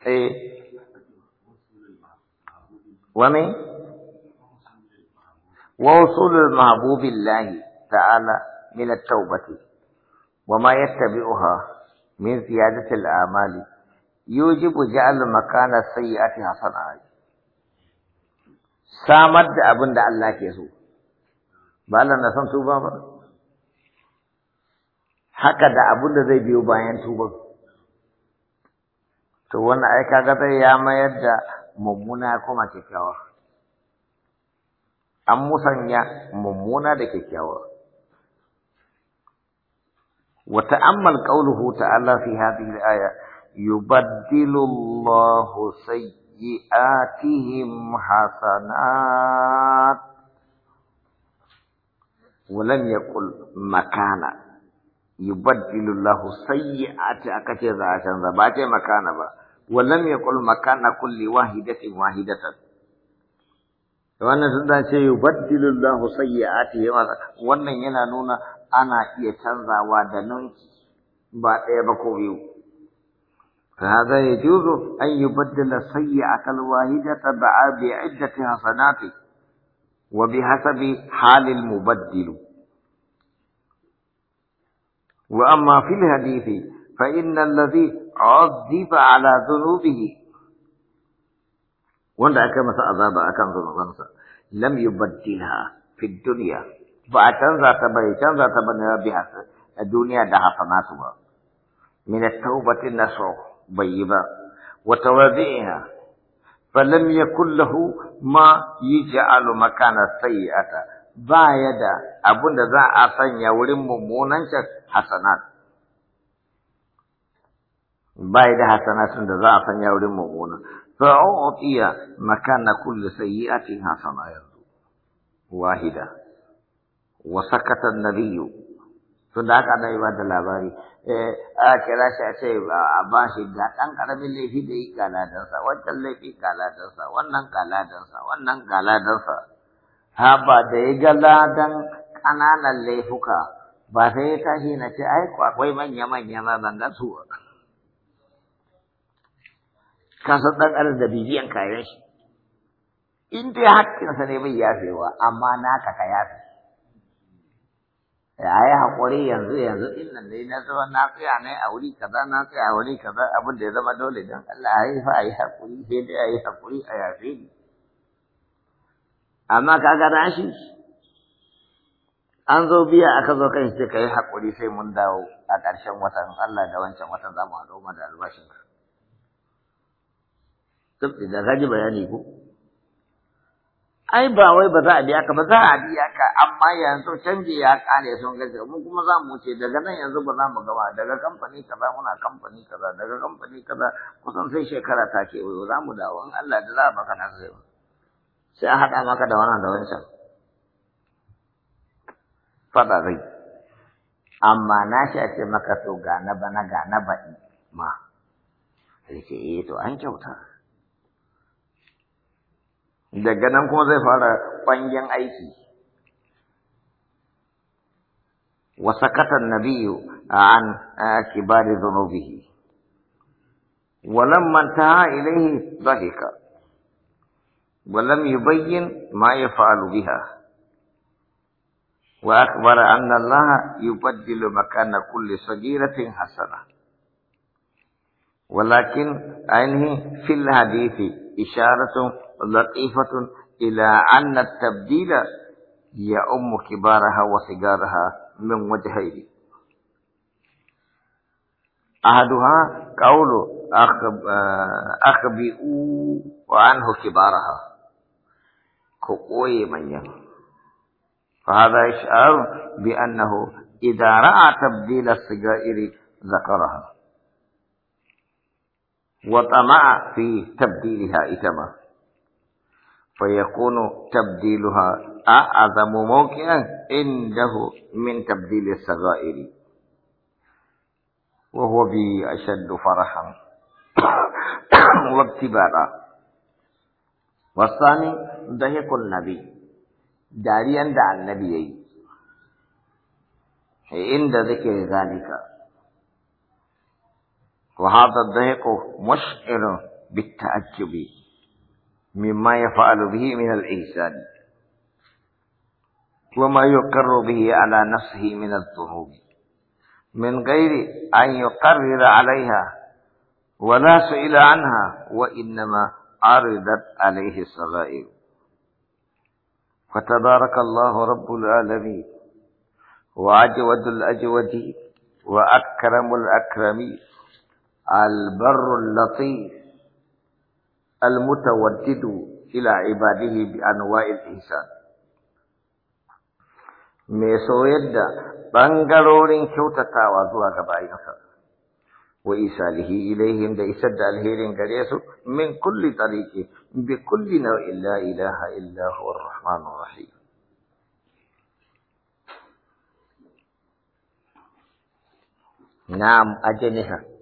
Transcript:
eh wani wausulul mahbubillahi ta'ala min at-taubati wama yattabi'uha min ziyadati al-amali yujibu ja'al makana sayyi'ati hasanati samar da abin da Allah ke so ba Allah na san tuba ba haka da abin da zai biyo bayan tuban to wannan ai kaga zai ya mayar da mummuna kuma kyakkyawa an musanya mummuna da kyakkyawa wa ta'ammal qawluhu ta'ala fi hadhihi al-aya yubaddilu Allahu sayyi'atihim hasanat wa lam yaqul makana يبدل الله سيئات أكثر ذات ذبات مكانا با ولم يقل مكان كل واحدة واحدة وانا سنتا شيء يبدل الله سيئات وانا ينا نونا أنا يتنزى وادنوي بعد يبقو بيو فهذا يجوز أن يبدل سيئة الواحدة بعد عدة حسنات وبحسب حال المبدل وأما في الحديث فإن الذي عذب على ذنوبه وندع كما سأذاب أكان ذنوبانسا لم يبدلها في الدنيا فأتن ذات بيتن ذات بنيا بها الدنيا دها فناتها من التوبة النصر بيبا وتواضعها فلم يكن له ما يجعل مكان السيئة ba ya da abun da za a sanya wurin mummunan can hasanat ba ya da hasanatun da za a sanya wurin mummunan sai makana a cin hasana yanzu wahida wa sakata na biyu. sun da aka dai ba da labari eh, a kira shi a ce a ba shi ga ɗan ƙaramin laifi da yi kaladansa wancan laifi kaladansa wannan kaladansa wannan kaladansa haba da ya ga ladan ƙananan laifuka ba sai ya tashi na ce ai akwai manya-manya na ga su san ɗan adam da bibiyan kayan shi in dai haƙƙinsa ne bai yafewa amma naka ka yafe da ayi haƙuri yanzu yanzu ɗin nan dai na zama na tsaya ne a wuri kaza na tsaya a wuri kaza abin da ya zama dole don Allah ya yi fa a yi haƙuri sai dai a yi haƙuri a yafe ni amma kaga rashi an zo biya aka zo kan sai kai hakuri sai mun dawo a ƙarshen watan Allah da wancan watan za mu haɗo ma da albashin ka Duk da gaji bayani ko ai ba wai ba za a biya ka ba za a biya ka amma yanzu canji ya kare sun gaji mu kuma za mu wuce daga nan yanzu ba za mu gama daga kamfani kaza muna kamfani kaza daga kamfani kaza kusan sai shekara ta ce za mu dawo in Allah da za a baka na sai sai a haɗa maka da wannan da wancan faɗa zai amma na shi a ce maka to ga na bana ga na baɗi ma sai ce eh to an kyauta daga nan kuma zai fara ƙwangen aiki biyu وسكت النبي عن كبار ذنوبه ولما انتهى إليه zahika ولم يبين ما يفعل بها وأخبر أن الله يبدل مكان كل صغيرة حسنة ولكن أنه في الحديث إشارة لطيفة إلى أن التبديل يؤم كبارها وصغارها من وجهين أحدها قول آه، أخبئوا وعنه كبارها ku من manyan فهذا يشعر بأنه إذا رأى تبديل السجائر ذكرها وطمع في تبديلها إتما فيكون تبديلها أعظم موقعا عنده من تبديل السجائر وهو به أشد فرحا وابتبارا والثاني dahikun النبي داريا دع النبي yayi ذكر ذلك وهذا الضيق مشعر بالتعجب مما يفعل به من الإحسان وما يقر به على نفسه من الذنوب من غير أن يقرر عليها ولا سئل عنها وإنما عرضت عليه الصغائر فتبارك الله رب العالمين وأجود الأجود وأكرم الأكرمين البر اللطيف المتودد إلى عباده بأنواع الإنسان mai soyar da ɓangarorin kyautatawa zuwa ga bayinsa. wa isalihi ilaihin da isa da alherin gare su min kulli tariqi bi kulli nau'in la ilaha illa huwa ar-rahmanur rahim na'am